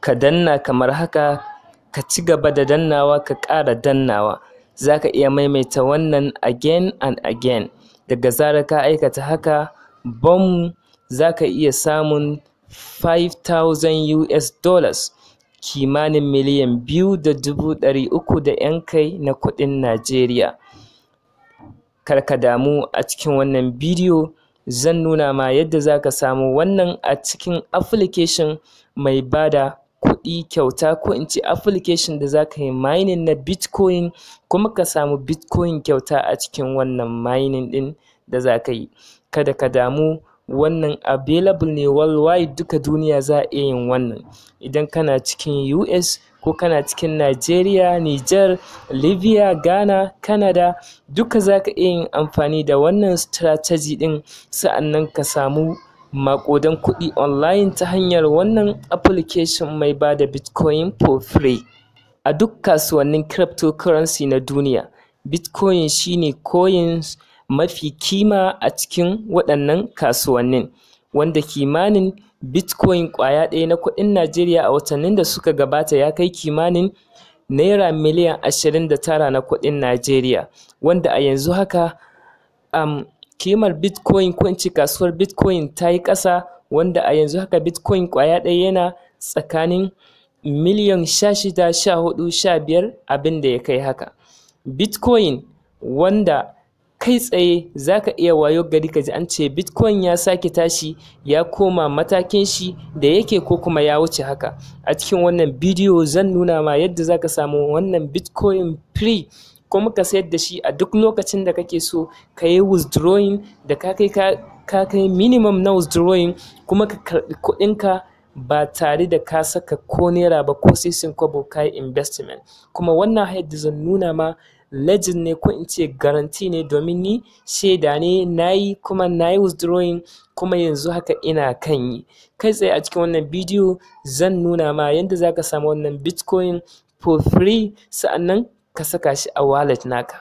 ka danna kamar haka ka ci gaba da dannawa ka ƙara dannawa za ka iya maimaita wannan again and again daga zarar ka aikata haka bom za ka iya samun 5000 US dollars kimanin miliyan biyu da dubu ɗari uku da ‘yan kai na kuɗin Najeriya. Kar ka damu a cikin wannan bidiyo zan nuna ma yadda za ka samu wannan a cikin application mai bada kuɗi kyauta ko in ce application da za ka yi mining na bitcoin kuma ka samu bitcoin kyauta a cikin wannan mining ɗin da za ka yi kada ka damu wannan available ne worldwide duka duniya za a iya yin wannan idan kana cikin us ko kana cikin nigeria niger libya ghana canada duka za ka iya yin amfani da wannan strategy ɗin sa'annan ka samu maƙudan kuɗi online ta hanyar wannan application mai ba da Bitcoin for free. A duk kasuwannin cryptocurrency na duniya, Bitcoin shine coins mafi kima a cikin waɗannan kasuwannin, wanda kimanin Bitcoin ƙwaya ɗaya na kuɗin Najeriya a watannin da suka gabata ya kai kimanin Naira miliyan 29 na kuɗin Najeriya, wanda a yanzu haka um, Kimar Bitcoin kwanci kasuwar Bitcoin ta yi ƙasa wanda a yanzu haka Bitcoin kwaya ɗaya yana tsakanin miliyan sha shida, sha hudu, sha biyar abin ya kai haka. Bitcoin wanda kai tsaye za ka iya wayo gari ka ji an ce Bitcoin ya sake tashi ya koma matakin shi da yake ko kuma ya wuce haka. A cikin wannan bidiyo zan nuna ma yadda za ka samu wannan Bitcoin free ko muka sayar da shi a duk lokacin da kake so ka yi withdrawing da ka kai minimum na withdrawing kuma ka karɓi kuɗinka ba tare da ka saka ko naira ba ko sun kwabo ka yi investment kuma wannan hayar zan nuna ma legend ne ko in ce garanti ne domin ni shaida ne na yi kuma na yi withdrawing kuma yanzu haka ina kan yi kai tsaye a cikin wannan bidiyo zan nuna ma yadda za ka samu wannan bitcoin for free sa'annan ka saka shi a wallet naka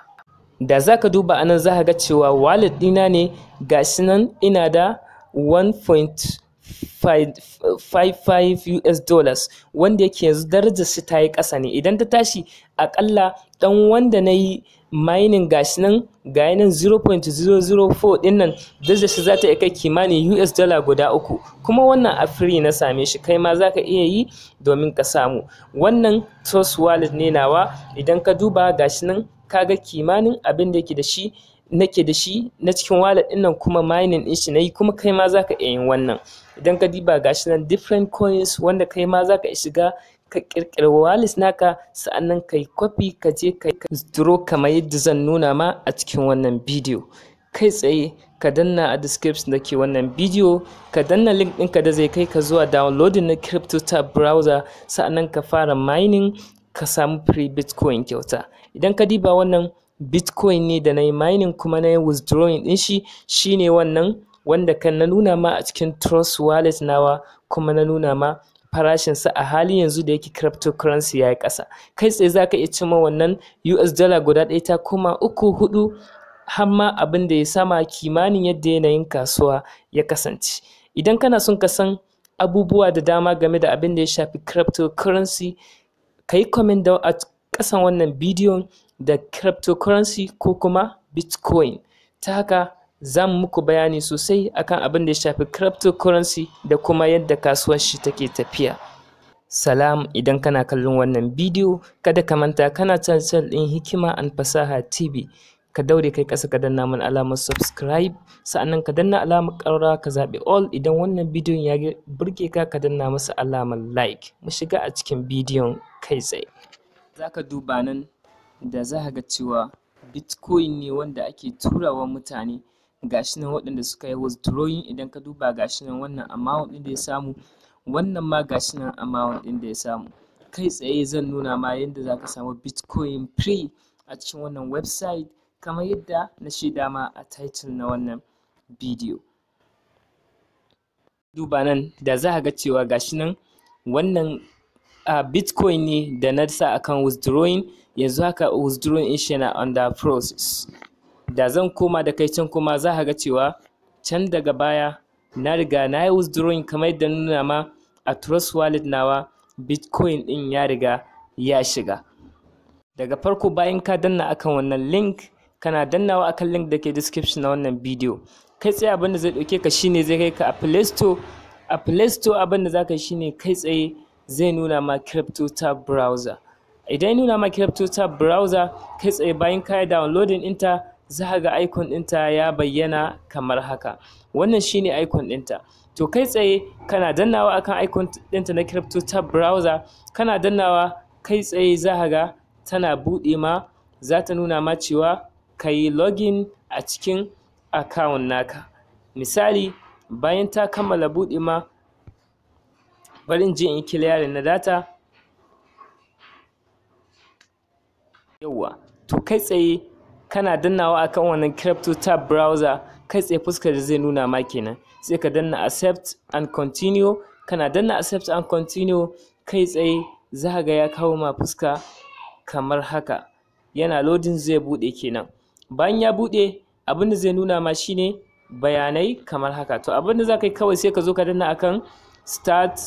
da za ka duba anan za ka ga cewa wallet ɗina ne ga shi nan ina da 1.55 US dollars wanda yake yanzu darajar shi ta yi ƙasa ne idan ta tashi aƙalla ɗan wanda na yi mining gashi nan ga nan 0.004 din nan shi za ta iya kai kimanin US dollar guda uku kuma wannan a free na same shi kai ma zaka iya yi domin ka samu wannan Trust Wallet ne nawa idan ka duba gashi nan kaga kimanin abin da yake da shi nake da shi na cikin wallet din nan kuma mining din shi nayi kuma kai ma zaka iya yin wannan idan ka diba gashi nan different coins wanda kai ma zaka shiga ka kirkiri wallet naka sa'annan ka kwafi ka je ka zuro kamar yadda zan nuna ma a cikin wannan bidiyo kai tsaye ka danna a description da ke wannan bidiyo ka danna link ka da zai kai ka zuwa downloading na crypto tab browser sa'annan ka fara mining ka samu free bitcoin kyauta idan ka diba wannan bitcoin ne da na yi mining kuma na yi withdrawing ɗin shi shine wannan wanda kan na nuna ma a cikin trust wallet nawa kuma na nuna ma farashin sa a halin yanzu da yake cryptocurrency ya yi ƙasa kai tsaye za ka iya cimma wannan US dala guda ɗaya ta koma uku hudu har ma abin da ya sama kimanin yadda yanayin kasuwa ya kasance idan kana son ka san abubuwa da dama game da abin da ya shafi cryptocurrency ka yi comment down a ƙasan wannan bidiyon da cryptocurrency ko kuma bitcoin ta haka za mu muku bayani sosai akan abin da ya shafi cryptocurrency da kuma yadda kasuwar shi take tafiya. Salam idan kana kallon wannan bidiyo kada ka manta kana cancan ɗin hikima an fasaha TV ka daure kai kasa ka danna mun alamar subscribe sa'annan ka danna alamar karara ka zaɓi all idan wannan bidiyon ya burge ka ka danna masa alamar like mu shiga a cikin bidiyon kai tsaye zaka duba nan da za ga cewa bitcoin ne wanda ake turawa mutane gashi nan waɗanda suka yi withdrawing idan ka duba gashi nan wannan amount ɗin da ya samu wannan ma gashi nan amount ɗin da ya samu kai tsaye zan nuna ma yadda ka samu bitcoin free a cikin wannan website kamar yadda na shi dama a title na wannan bidiyo duba nan da za ka ga cewa gashi nan wannan a bitcoin ne da na sa akan withdrawing yanzu haka withdrawing shi na under process da zan koma da kai can kuma za ka ga cewa can daga baya na riga na yi withdrawing kamar yadda nuna ma a trust wallet nawa bitcoin din ya riga ya shiga daga farko bayan ka danna akan wannan link kana dannawa akan link da ke description na wannan bidiyo kai tsaye abin zai dauke ka shine zai kai ka a play store a play store abin da zaka shine kai tsaye zai nuna ma crypto tab browser idan nuna ma crypto tab browser kai tsaye bayan ka yi downloading inta. za ka ga icon ɗinta ya bayyana kamar haka wannan shine icon ɗinta to kai tsaye kana dannawa akan icon ɗinta na crypto tab browser kana dannawa kai tsaye za ka ga tana buɗe ma za ta nuna ma cewa ka yi login a cikin account naka misali bayan ta kammala buɗe ma bari in je in yi na data yauwa to kai tsaye kana dannawa akan wannan crypto tab browser kai tsaye fuskar da zai nuna ma kenan sai ka danna accept and continue kana danna accept and continue kai tsaye za ga ya kawo ma fuska kamar haka yana loading zai bude kenan bayan ya bude abinda zai nuna ma shine bayanai kamar haka to abinda za ka yi kawai sai ka zo ka danna akan start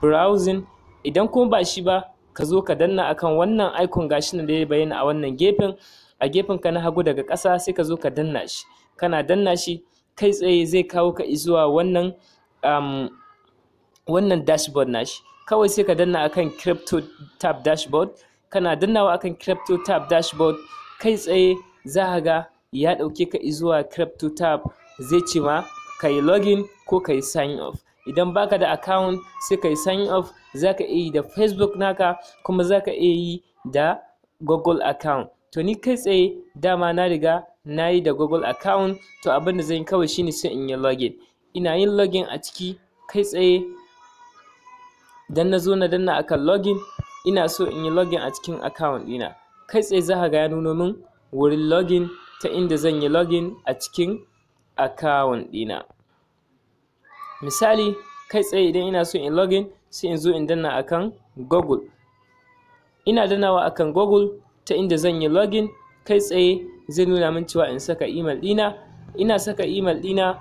browsing idan kuma ba shi ba ka zo ka danna akan wannan icon gashi nan da ya bayyana a wannan gefen a gefen ka na hagu daga ƙasa sai ka zo ka danna shi kana danna shi kai tsaye zai kawo ka zuwa wannan um, wannan dashboard nashi kawai sai ka danna akan crypto tab dashboard kana dannawa akan crypto tab dashboard kai tsaye za ka ga ya ɗauke ka zuwa crypto tab zai ce ma ka yi login ko ka yi sign off idan baka da account sai ka yi sign off za ka iya yi da facebook naka kuma za ka iya yi da google account to ni kai tsaye dama na riga na yi da google account to abin da zan yi kawai shine sai in yi login ina yin login a ciki kai tsaye dan na zo na danna akan login ina so in yi login a cikin account dina kai tsaye za ka ga ya nuno min wurin login ta inda zan yi login a cikin account dina misali kai tsaye idan ina so in login sai in zo in danna akan google ina danawa akan google ta inda zan yi login kai tsaye zai nuna min cewa in saka email ɗina ina saka email ɗina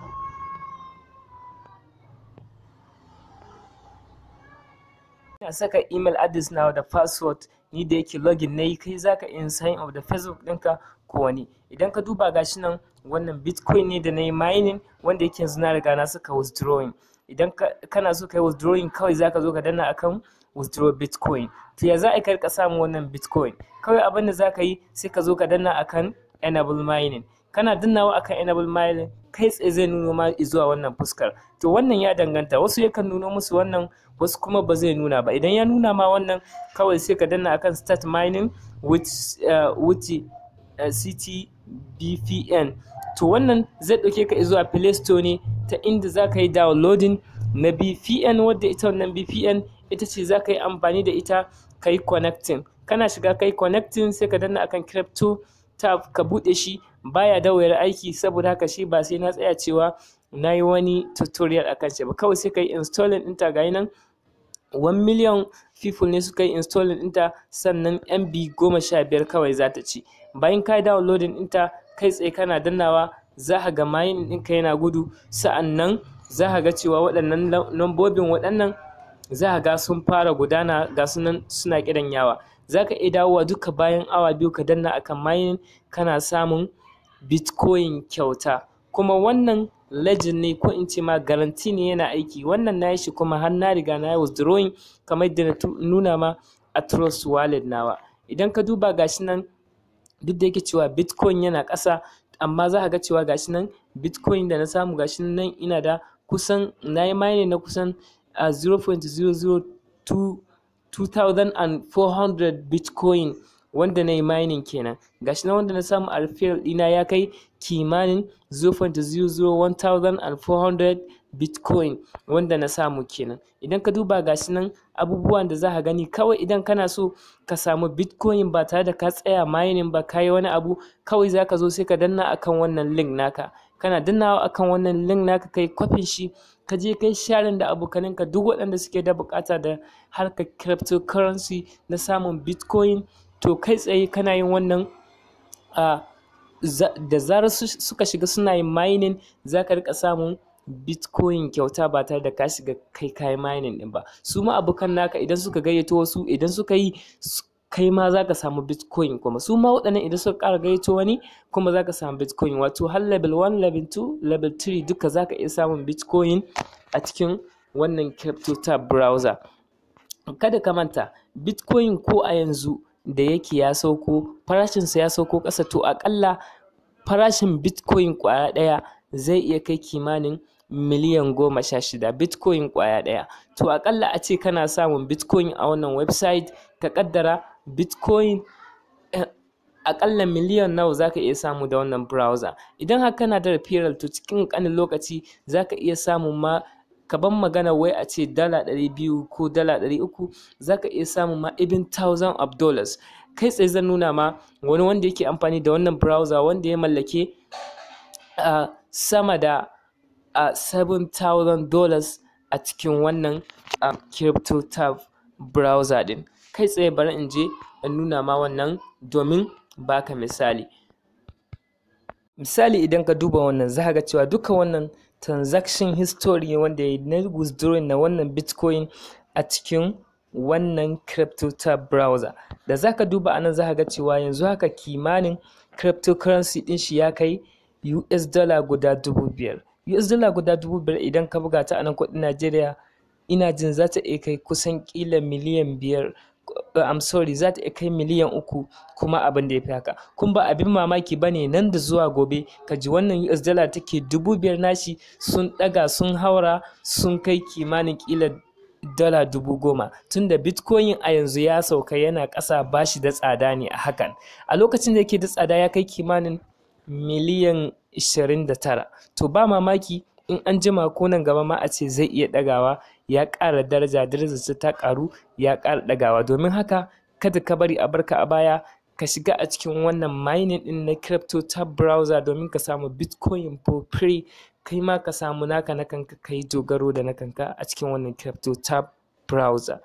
ina saka email address na da password ni da yake login na yi kai zaka in sign up da facebook ɗinka ko wani idan ka duba gashi nan wannan bitcoin ne da na yi mining wanda yake yanzu na riga na saka withdrawing idan kana so ka yi withdrawing kawai zaka zo ka danna akan withdraw bitcoin to ya za a karka samu wannan bitcoin kawai abin da za ka yi sai ka zo ka danna akan enable mining kana dannawa akan enable mining kai tsaye zai nuno ma zuwa wannan fuskar to wannan ya danganta wasu yakan nuno musu wannan wasu kuma ba zai nuna ba idan ya nuna ma wannan kawai sai ka danna akan start mining with uh, with uh, bpn to wannan zai ɗauke ka zuwa play store ne ta inda za ka yi downloading na bpn wadda ita wannan bpn ita ce za ka yi amfani da ita ka yi connecting kana shiga ka yi connecting sai ka danna akan crypto tab ka buɗe shi baya dawayar aiki saboda haka shi ba sai na tsaya cewa na yi wani tutorial akan shi ba kawai sai ka yi installing ɗinta ga nan 1 million people ne suka yi installing ɗinta sannan MB goma sha biyar kawai za ta ci bayan ka yi downloading ɗinta kai tsaye kana dannawa za ka ga mayin ɗinka yana gudu sa'annan za ka ga cewa waɗannan lambobin waɗannan za ka ga sun fara gudana ga sunan suna yawa. za ka iya dawowa duka bayan awa biyu ka danna akan mining kana samun bitcoin kyauta kuma wannan legend ne ko in ce ma garanti ne yana aiki wannan na shi kuma har na riga na withdrawing kamar da na nuna ma a trust wallet nawa idan ka duba gashi nan duk da yake cewa bitcoin yana ƙasa amma za ka ga cewa gashi nan bitcoin da na samu gashi nan ina da kusan na yi mining na kusan a 0.002,400 bitcoin wanda na yi mining kenan gashi na wanda na samu alfil dina ya kai kimanin 0.001,400 bitcoin wanda na samu kenan idan ka duba gashi nan abubuwan da za ka gani kawai idan kana so ka samu bitcoin ba tare da ka tsaya mining ba ka yi wani abu kawai za ka zo sai ka danna akan wannan link naka kana dannawa akan wannan link naka kai kwafin shi ka je kai sharing da abokaninka duk waɗanda suke da bukata da harkar cryptocurrency na samun bitcoin to kai tsaye kana yin wannan a da zarar suka shiga suna yin mining za ka rika samun bitcoin kyauta ba tare da ka shiga kai kayan mining din ba su ma abokan naka idan suka gayyato wasu idan suka yi kai ma za ka samu bitcoin kuma su ma waɗannan idan suka ƙara gaito wani kuma za ka samu bitcoin wato har level 1 level 2 level 3 duka za ka iya samun bitcoin a cikin wannan crypto tab browser kada ka manta bitcoin ko a yanzu da yake ya sauko farashinsa ya sauko ƙasa to aƙalla farashin bitcoin ƙwaya ɗaya zai iya kai kimanin miliyan goma sha shida bitcoin ƙwaya ɗaya to aƙalla a ce kana samun bitcoin a wannan website ka ƙaddara bitcoin eh, akalla miliyan nawa zaka iya samu da wannan browser idan har kana da referral to cikin ƙanin lokaci zaka iya samun ma kaban magana wai a ce dala ɗari biyu ko dala ɗari uku zaka iya samu ma even thousand of dollars kai tsaye zan nuna ma wani wanda yake amfani da wannan browser wanda ya mallake uh, sama da seven thousand dollars a cikin wannan um, crypto tab browser din kai tsaye bari in je in nuna ma wannan domin baka misali misali idan ka duba wannan za ga cewa duka wannan transaction history wanda ya na withdrawing na wannan bitcoin a cikin wannan crypto tab browser da za ka duba anan za ga cewa yanzu haka kimanin cryptocurrency din shi ya kai us dollar guda dubu biyar us dollar guda dubu biyar idan ka buga ta anan kuɗin najeriya ina jin za ta iya kai kusan kila miliyan biyar Uh, I'm sorry za ta kai miliyan uku kuma abin da ya fi haka kun ba abin mamaki ba ne nan da zuwa gobe ka ji wannan US dollar take dubu biyar nashi sun ɗaga sun haura sun kai kimanin ƙila dala dubu goma tunda bitcoin a yanzu ya sauka yana ƙasa bashi da tsada ne a hakan a lokacin da yake da tsada ya kai kimanin miliyan 29 to ba mamaki in an jima ko nan gaba ma a ce zai iya ɗagawa ya ƙara daraja darajarsa ta ƙaru ya ƙara ɗagawa domin haka kada ka bari a barka a baya ka shiga a cikin wannan mining ɗin na crypto ta browser domin ka samu bitcoin for free kai ma ka samu naka na kanka ka yi dogaro da na kanka a cikin wannan crypto ta browser